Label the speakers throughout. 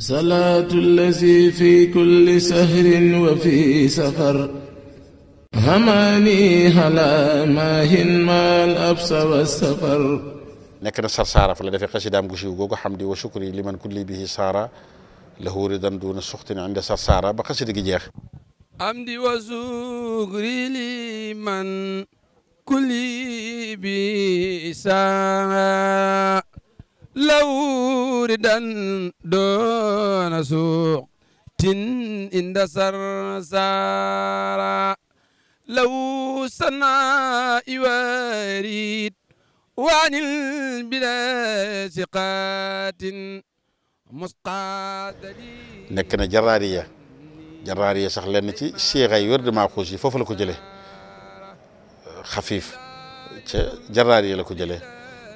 Speaker 1: salaatu allazi fi kulli sahrin wa fi safar hamaani hala maahin maal absa wa safar
Speaker 2: nekk na sarsaara fa la defee xasidaam gu siiw googu xam di wa shukri liman kulli bihi saara lahu ridan duuna suxtin inda sarsaara ba xasida gi jeex
Speaker 1: amdi wa shukri liman kulli bihi saara law ridan doona suuq tin inda sarsara law sana iwarid waanil bila siqaatin musqaadali
Speaker 2: nekk na jaraariya jaraariya sax lenn ci siixay wérdu maaxuus foofu la ko jëlee xafiif ca la ko jëlee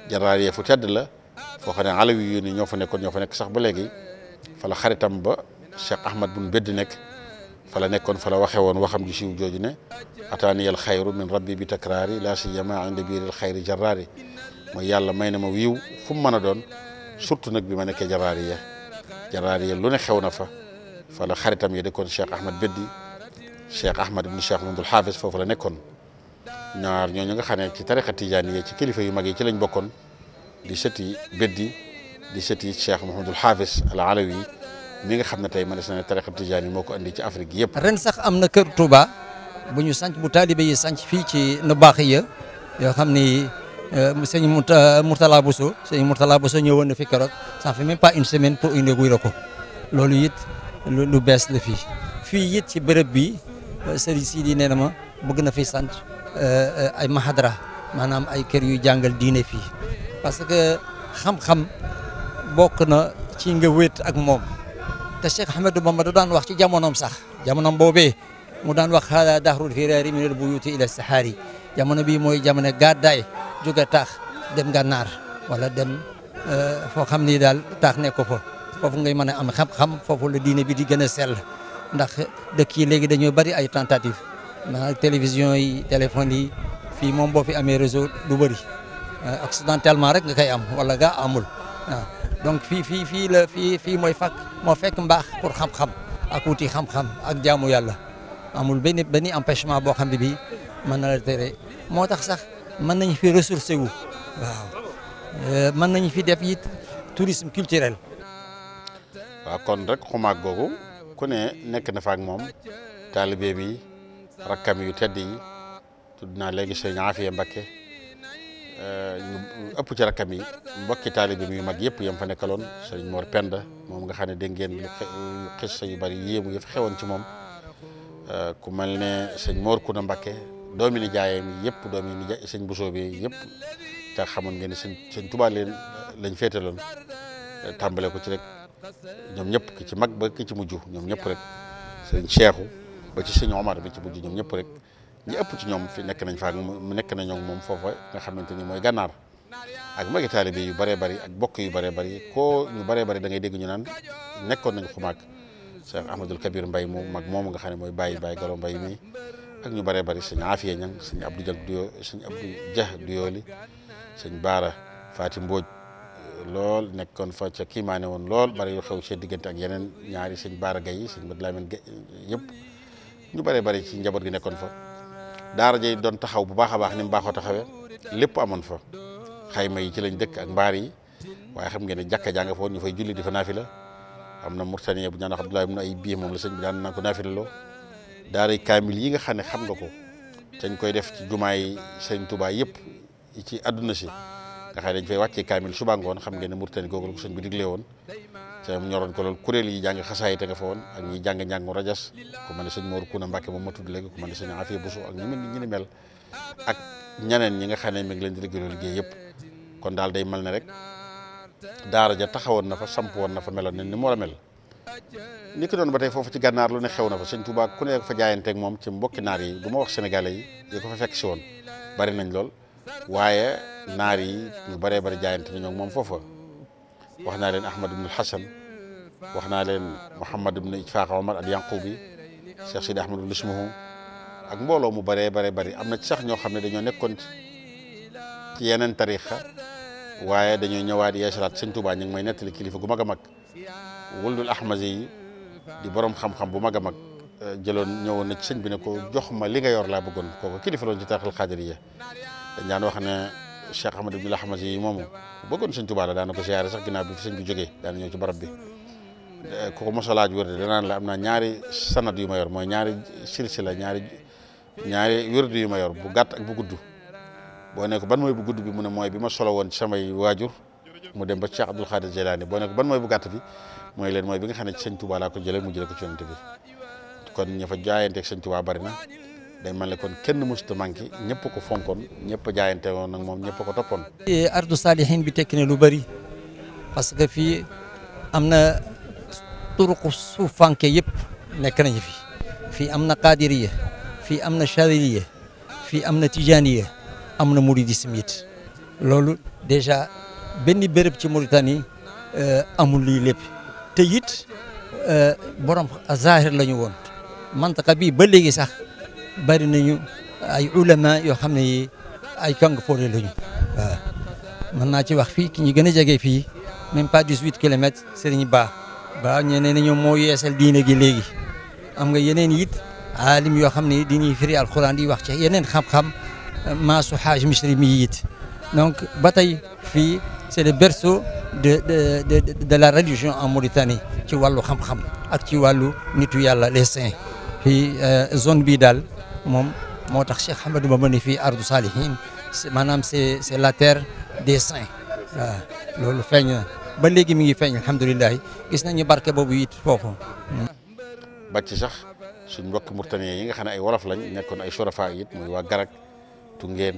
Speaker 2: jaraariya fu tedd la foo xam ne alawi yu ni ñoo fa nekkoon ñoo fa nekk sax ba léegi fa la xaritam ba Cheikh Ahmad bun Bedd nekk fa la nekkoon fa la waxee woon waxam ji siiw jooju ne ataaniyal xayru min rabbi bi takraari laa siyama inda biiril xayri jaraari mooy yàlla may na ma wiiw fu mu mën a doon surtout nag bi ma nekkee jaraariya jaraariya lu ne xew na fa fa la xaritam yi dekkoon Cheikh Ahmad Beddi Cheikh Ahmad ibnu Cheikh Mamadul Xaafis foofu la nekkoon ñaar ñooñu nga xam ne ci tarixa tijaani yi ci kilifa yu mag yi ci lañ bokkoon di sëti Beddi di sëti Cheikh Mouhamadul Haafis al Alawi mi nga xam ne tey man des na ne tariqa tijaani moo ko andi ci Afrique yëpp.
Speaker 3: ren sax am na kër Touba bu ñu sanc bu taalibe yi sanc fii ci na baax ya yoo xam ni euh, sëñ Mourtala Bousso sëñ Mourtala Bousso ñëwoon na fi keroog ça fait même pas une semaine pour inaugurer ko loolu it lu bees la fii fii it ci bërëb bi euh, sëriñ Sidi nee na ma bëgg na fi sanc euh, ay mahadra maanaam ay kër yu jàngal diine fii. parce que xam-xam bokk na ci nga wéet ak moom te Cheikh Ahmadou Bamba da daan wax ci jamonoom sax jamonoom boobee mu daan wax haada dahrul firaari minal buyuuti ila sahaari jamono bii mooy jamono gàddaay jóge taax dem gànnaar wala dem euh, foo xam ni daal taax ne ko fa foofu ngay mën a am xam-xam foofu la diine bi di gën a sell ndax dëkk yi léegi dañoo bari ay tentative maanaam télévision yi téléphone yi fii moom boo fi amee réseau du bari Euh, accidentellement rek nga koy am walla gaa amul waaw donc fii fii fii la fii fii mooy fàkk moo fekk mbaax pour xam-xam ak wuti xam ak jaamu yàlla amul benn benn empêchement boo xam ne bii mën na la tere moo tax sax mën nañu fi ressourcé wu waaw euh, mën nañu fi def it tourisme culturel.
Speaker 2: waaw kon rek xumaag googu ku ne nekk na fa ak moom taalibe bi rakkam yu tedd yi tudd naa léegi Sëñ Afiya Mbakke ñu ëpp ci rakkam yi mbokki taalibe bi mag yëpp yam fa nekkaloon sëriñ Mor Penda moom nga xam ne dégg ngeen lu xis yu bari yéemu yëf xewoon ci moom euh, ku mel ne sëñ Mor Kuna Mbakke doomi ni jaayam yëpp doomi ni jaay sëñ Bousso bi yëpp te xamoon ngeen ne sëñ sëñ Tuubaa leen lañ féetaloon euh, tàmbale ko ci rek ñoom ñëpp ki ci mag ba ki ci mujj ñoom ñëpp rek sëñ Cheikhou ba ci sëñ Omar bi ci mujj ñoom ñëpp rek ñi ëpp ci ñoom fi nekk nañ fa nekk nañ ak moom foofa nga xamante ni mooy gànnaar ak magi taalibe yu bëree bari ak bokk yu bëree bari koo ñu bëree bëri da ngay dégg ñu naan nekkoon nañ xumaag Cheikh Ahmadul Kabir Mbay moom mag moomu nga xam ne mooy bàyyi bàyyi galo mbay mi ak ñu bëree bëri sëñ Afiya Ñang sëñ Abdou Diak Duyo sëñ Abdou Jah Duyooli sëñ Baara Faati Mbooj euh, lool nekkoon fa ca kiimaane woon lool bari yu xew ci diggante ak yeneen ñaari sëñ Baara Gaye sëñ Mad Lamin Gaye yëpp ñu bare bëri ci njaboot gi nekkoon fa daara jay doon taxaw bu baax a baax ni mu baaxoo taxawee lépp amoon fa xayma yi ci lañ dëkk ak mbaar yi waaye xam ngeen ne jàkka jaa nga fa woon ñu fay julli di fa naafila am na murtaniya bu ñaan wax Abdoulaye ibn ay bii moom la sëñ bi daan na ko loo daaray kaamil yi nga xam ne xam nga ko dañ koy def ci jumaay sëñ Touba yëpp ci àdduna si nga xam ne dañ fay wàccee kaamil suba ngoon xam ngeen ne murtani googu la ko sëñ bi digle woon te ñoroon ko loolu kuréel yi jàng xasaay te nga fa woon ak ñi jàng njàngu rajas ku mel ne sëñ Mor Kuna Mbàkke moom ma tudd léegi ku mel ne sëñ Afia Bousso ak ñeneen ñi nga xam ne leen di liggéey yëpp kon daal day mel ne rek daara ja taxawoon na fa samp woon na fa meloon ne ni mu war a ko doon ba tey foofu ci gànnaar lu ne xew na fa sëñ Touba ku ne fa jaayanteeg moom ci mbokki naar yi du ma wax sénégalais yi yi ko fa fekk si woon bari nañ lool waaye naar yi ñu baree bari jaayante nañoo moom foofa wax naa leen Ahmad ibn Xasan wax naa leen Mouhamad ibn Ijfaaq Omar al Yanqubi Cheikh Sidi Ahmad Lismahu ak mbooloo mu bëree bare bëri am na ci sax ñoo xam ne dañoo nekkoon ci yeneen tarixa waaye dañoo ñëwaat yeesalaat sëñ Tuubaa ñu ngi may nettali kilifa gu mag a mag wulul Ahmad yi di borom xam-xam bu mag a mag jëloon ñëwoon na sëñ bi ne ko jox ma li nga yor laa bëggoon kooku kilifa loon ci tarixal xaadiriya dañ Cheikh Ahmad Abdoul Ahmad yi moomu bëggoon sëñ Tuubaa la daana ko siyaare sax ginnaaw bi fi sëñ bi jógee daana ñëw ci barab bi eh, ku ko mos a laaj wërde danaan la am naa ñaari sanad yu ma yor mooy ñaari silsila ñaari ñaari wërde yu ma yor bu gàtt ak bu gudd boo ne ko ban mooy bu gudd bi mu ne mooy bi ma solo woon ci samay waajur mu dem ba Cheikh Abdoul Khadir Jilani boo ne ko ban mooy bu gàtta bi mooy leen mooy bi nga xam ne sëñ Tuubaa ko jëlee mu jëlee ko ci yonent kon ña fa sëñ Tuubaa bari na day mel ni kon kenn mësut a manqué ñëpp ko fonkoon ñëpp jaayante woon nag moom ñëpp ko toppoon.
Speaker 3: E, ardu saalihin bi tekki ne lu bari parce que fii am na turuqu suufanke yëpp nekk nañu fi fii am na qaadiriya fii am na chadiliya fii am na tijaniya am na muridisme it loolu dèjà benn béréb ci Mauritanie e, amul lii lépp te it e, borom zahir la ñu woon mantaka bii ba léegi sax. bari nañu ay ulama yoo xam ne yi ay kàng foore lañu waaw mën naa ci wax fii ki ñu gën a jege fii même pas 18 kilomètres Serigne Ba ba ñeneen ne ñoom moo yeesal diine gi léegi am nga yeneen it aalim yoo xam ne dañuy firi alxuraan di wax ci yeneen xam-xam maasu xaaj misri mi yit donc ba tey fii c'est le berceau de de de de la religion en Mauritanie ci wàllu xam-xam ak ci wàllu nitu yàlla les saints fii euh, zone bii daal. moom moo tax Cheikh Ahmadou Bamba ni fii ardu salihin maanaam c'est c'est la terre des saints waaw loolu feeñ ba léegi mi ngi feeñ alhamdulilah gis nañu barke boobu it foofu.
Speaker 2: ba sax suñ mbokki murtaniya yi nga xam ne ay wolof lañ nekkoon ay surafa it muy waa Garak Tungeen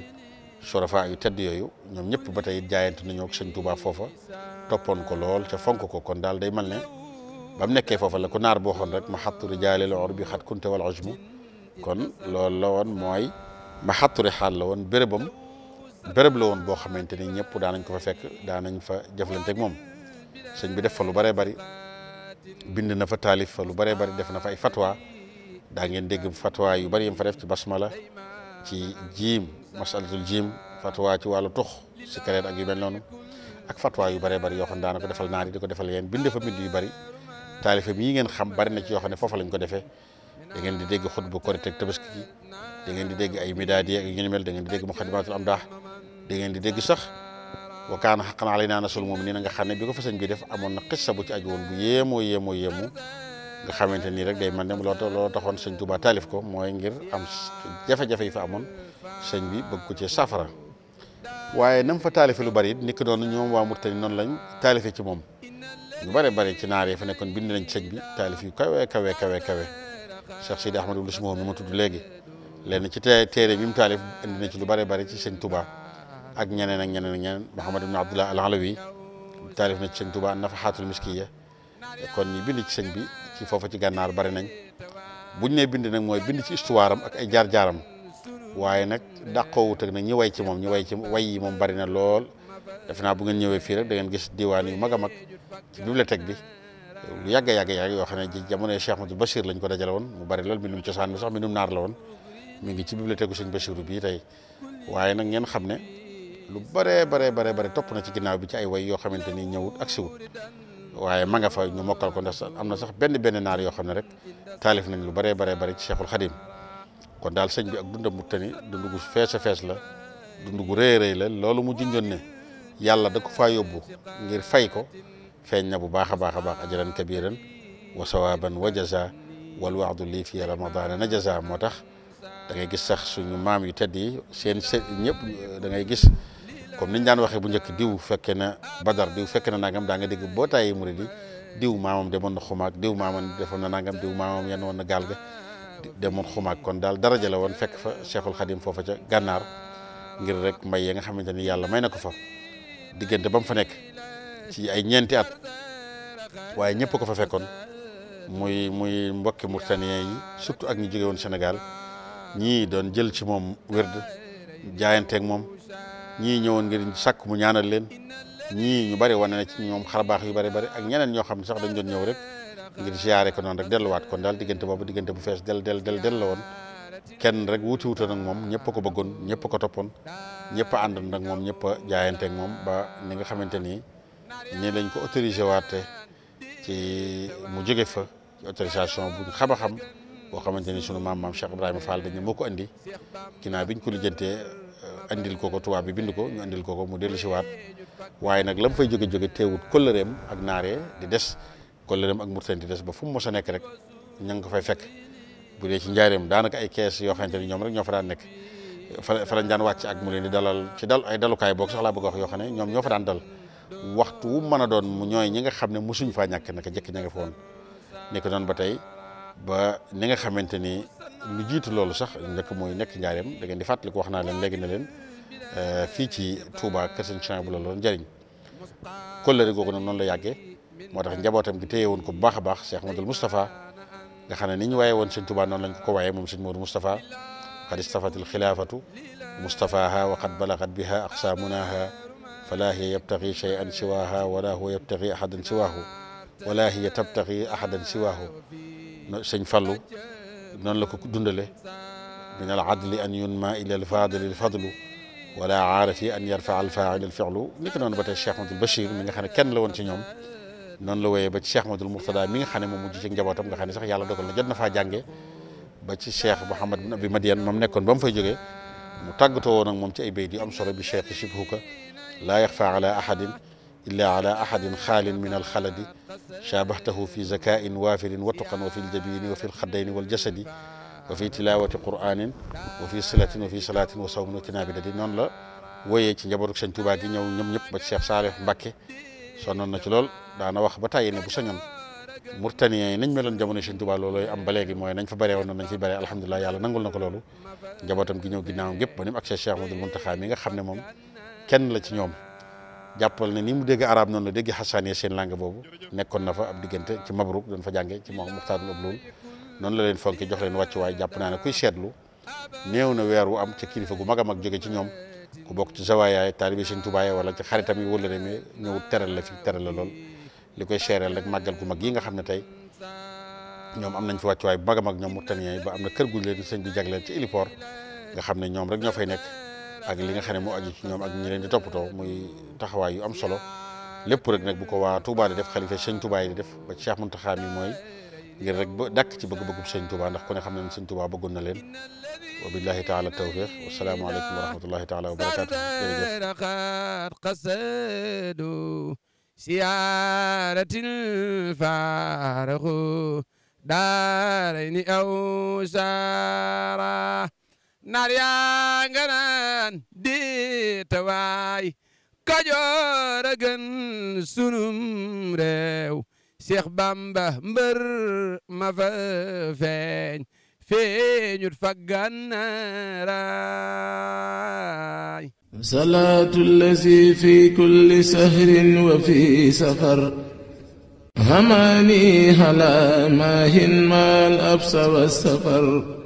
Speaker 2: surafa yu tedd yooyu ñoom ñëpp ba tey it jaayante nañoo ak sëñ Tuubaa foofa toppoon ko lool ca fonk ko kon daal day mal ne ba mu nekkee foofa la ko naar boo xoon rek ma xattu rijaalil urbi xat kunte wal ujmu kon loolu lool woon mooy maxattu rixaal la woon bérébam béréb la woon boo xamante ni ñëpp daanañ ko fa fekk daanañ fa jëflanteeg moom sëñ bi def fa lu bare bari bind na fa taalif fa lu bëree bari def na fa ay fatwa daa ngeen dégg fatwa yu bëri yim fa def ci basmala ci jiim masalatul jiim fatwa ci wàllu tux sigaret ak yu mel noonu ak fatwa yu bëree bëri yoo xam ne daana ko defal naar yi ko defal yeen bind fa bind yu bari taalifa mii ngeen xam bëri na ci yoo xam ne foofa lañ ko defee da ngeen di dégg xutbu korite ak tabaski gi da ngeen di dégg ay midaadi ak yu ni mel da ngeen di dégg muxadimatul amdaax da ngeen dégg sax wa kaana xaqan alaynaa nasrul mu'miniin nga xam ne bi ko fa sëñ bi def amoon na xissa bu ci aju woon bu yéemoo yéemoo yéemu nga xamante nii rek day man ne looloo taxoon sëñ Tuubaa taalif ko mooy ngir am jafe-jafe yi fa amoon sëñ bi bëgg ko ci safara waaye nam fa taalife lu bari ni ko noonu ñoom waa Murtani noonu lañ taalife ci moom ñu bare bari ci naar yi fa nekkoon bind nañ sëñ bi taalif yu kawe kawe kawe kawe Cheikh Sidi Ahmadou Bachir moom mi ma tudd léegi lenn ci te téere bi mu taalif indi na ci lu bare bare ci sëñ Touba ak ñeneen ak ñeneen ak ñeneen Mouhamad ibn Abdullah al Alawi taalif na ci sëñ Touba Nafahatul Miskiya kon ñi bind ci sëñ bi ci foofu ci gànnaar bare nañ buñ ne bindi nag mooy bind ci histoire ak ay jaar-jaaram waaye nag dàqoowut ak na ñi way ci moom ñi way ci way yi moom bari na lool defe naa bu ngeen ñëwee fii rek da ngeen gis diwaan yu mag a mag ci bibliothèque bi lu yàgg yàgg yàgg yoo xam ne jamono jamonoy Cheikh Madou Bachir lañ ko dajale woon mu bari lool mbindum sax mbindum naar la woon mi ngi ci bibliothèque Sëñ Bachiru tey waaye nag ngeen xam ne lu baree baree baree bare topp na ci ginnaaw bi ci ay way yoo xamante ni ñëwut ak siwut waaye ma nga fa ñu mokkal ko ndax am na sax benn benn yoo xam ne rek taalif nañ lu baree baree bare ci Cheikhul Khadim kon daal sëñ bi ak dundam mu tani dund gu fees a fees la dund gu rëy rëy la loolu mu junjoon ne yàlla da ko faa yóbbu ngir fay ko feeñ na bu baax a baax a baax ajaran kabiran wa sawaaban wa jaza wal du li fi ramadana na jaza moo tax da ngay gis sax suñu maam yu tedd yi seen se ñëpp da ngay gis comme niñ daan waxe bu njëkk diw fekke na badar diw fekke na nagam daa nga dégg bootaayi murid yi diw maamam demoon na xumaag diw maamam defoon na nangam diw maamam yenn woon na gaal ga demoon xumaag kon daal daraja la woon fekk fa Cheikhul Khadim foofa ca gànnaar ngir rek may ya nga xamante ni yàlla may na ko fa diggante ba mu fa nekk ci ay ñeenti at waaye ñëpp ko fa fekkoon muy muy mbokki Mauritaniens yi surtout ak ñu jóge woon senegal ñii doon jël ci moom wérd jaayanteeg moom ñii ñëwoon ngir sàkk mu ñaanal leen ñii ñu bari wane na ci ñoom xarbaax yu bari bari ak ñeneen ñoo xam sax dañ doon ñëw rek ngir ziyaare ko noonu rek delluwaat kon daal diggante boobu diggante bu fees del del del del la woon kenn rek wuti wutoon ak moom ñëpp ko bëggoon ñëpp ko toppoon ñëpp a àndoon ak moom ñëpp a moom ba ni nga xamante ni. nii lañ ko autorisé te ci mu jóge fa ci autorisation bu xam a xam boo xamante ni sunu maam maam Cheikh Ibrahima Fall dañ ne moo ko andi ginnaaw biñ ko lijjantee euh, andil ko ko tubaab bi bind ko ñu andil ko ko mu dellu si waat waaye nag la mu fay jóge jóge teewut kóllëreem ak naaree di des kóllëreem ak murteen di des ba fu mu mos a nekk rek ña nga ko fay fekk bu dee ci njaareem daanaka ay kees yoo xamante ni ñoom rek ñoo fa daan nekk fa fa lañ daan wàcc mu leen di dalal ci dal ay dalukaay boog sax laa bëgg a yoo xam ne ñoom ñoo fa waxtu wu mën a doon mu ñooy ñi nga xam ne mosuñ faa ñàkk naka jëkk ña nga foon nekk noon ba tey ba ni nga xamante ni lu jiitu loolu sax nekk mooy nekk njaareem da ngeen wax naa leen ne leen euh, fii ci Touba kër sëñ bu la loon njëriñ kóllëre nag noonu la yàggee moo tax njabootam gi téye woon ko bu baax a baax Cheikh Modou Moustapha nga xam ne ni ñu waaye woon sëñ Touba noonu lañ ko ko waaye moom sëñ Modou Moustapha qad istafatil xilaafatu Moustaphaha wa qad balagat biha aqsamunaha falaa hiya yabtaxi cheyan siwaha wala huwa yabtaxi ahadan siwahu wala hiya tabtaxi ahadan siwahu sëñ Fallu noonu la ko dundale min al adli an yunma ila al fadili al fadlu wala aarafi an yarfa al fail al filu ni ko noonu ba tey Cheikh Ahmadul Bachir mi nga xam ne kenn la woon ci ñoom noonu la wooyee ba ci Cheikh Murtada mi nga xam ne moom mujj ci njabootam nga xam ne sax yàlla dogal na jot na faa jànge ba ci Cheikh Mouhamad bin Abi Madiane moom nekkoon ba mu fay jógee mu tàggatoo woon ak moom ci ay béy yu am solo bi Cheikh Chibhuka laa yaxfa ala ahadin illa ala ahadin xaalin min alxaladi shaabahtahu fi zakain waafirin wa tuqan wa fi ljabini wa fi lxaddayni waljasadi wa fi tilawati quranin wa fi silatin wa fi salatin wa sawmin wa tinabidati noonu la wooyee ci njabootu Sëñ Tuubaa gi ñëw ñoom ñëpp ba Cheikh Saalih Mbacké sonnoon na ci lool daana wax ba tàyyi ne bu sañoon Mauritanie yi nañ meloon jamono Sëñ Tuubaa am ba léegi mooy nañ fa bëree woon noonu nañ fi bëree alhamdulilah yàlla nangul na ko loolu njabootam gi ñëw ginnaawam gépp ba ni mu ak Cheikh Mouhamadoul Mountakha mi nga xam ne moom kenn la ci ñoom jàppal na ni mu dégg araab noonu la dégg xasaaniya seen langue boobu nekkoon na fa ab diggante ci mabruk doon fa jànge ci moom muxtaarul ablool noonu la leen fonke jox leen wàccuwaay jàpp naa ne kuy seetlu na weer wu am ca kilifa gu mag mag jóge ci ñoom ku bokk ci zawaayaay taalibe Sëñ Tuubaa wala ci xaritam yi wala demee ñëw teral la fi teral la lool li koy seereel rek màggal gu mag yi nga xam ne tey ñoom am nañ fi wàccuwaay bu mag mag ñoom murtaniyen yi ba am na kër gu leen sëñ bi jagleel ci héliport nga xam ne ñoom rek ñoo fay nekk ak li nga xam ne moo aju ci ñoom ak ñi leen di toppatoo muy taxawaay yu am solo lépp rek nag bu ko waa Touba di def xalifa sëñ Touba yi de def ba Cheikh Mountakha mi mooy ngir rek ba dàkk ci bëgg-bëggub sëñ Touba ndax ku ne xam ne sëñ Touba bëggoon na leen wa billahi taala tawfiq wasalaamualeykum wa rahmatullahi taala wa barakaatu jërëjëf
Speaker 1: qasadu siyaaratin faaraxu daarayni aw saara naar yaa nga naan waay Kajoor a sunum réew Seex Bamba mbër ma fa feeñ feeñut fa
Speaker 2: gànnaaraay
Speaker 1: salaatu llazi fi kulli sahrin wa fi safar hamaani hala maahin maal absa wa safar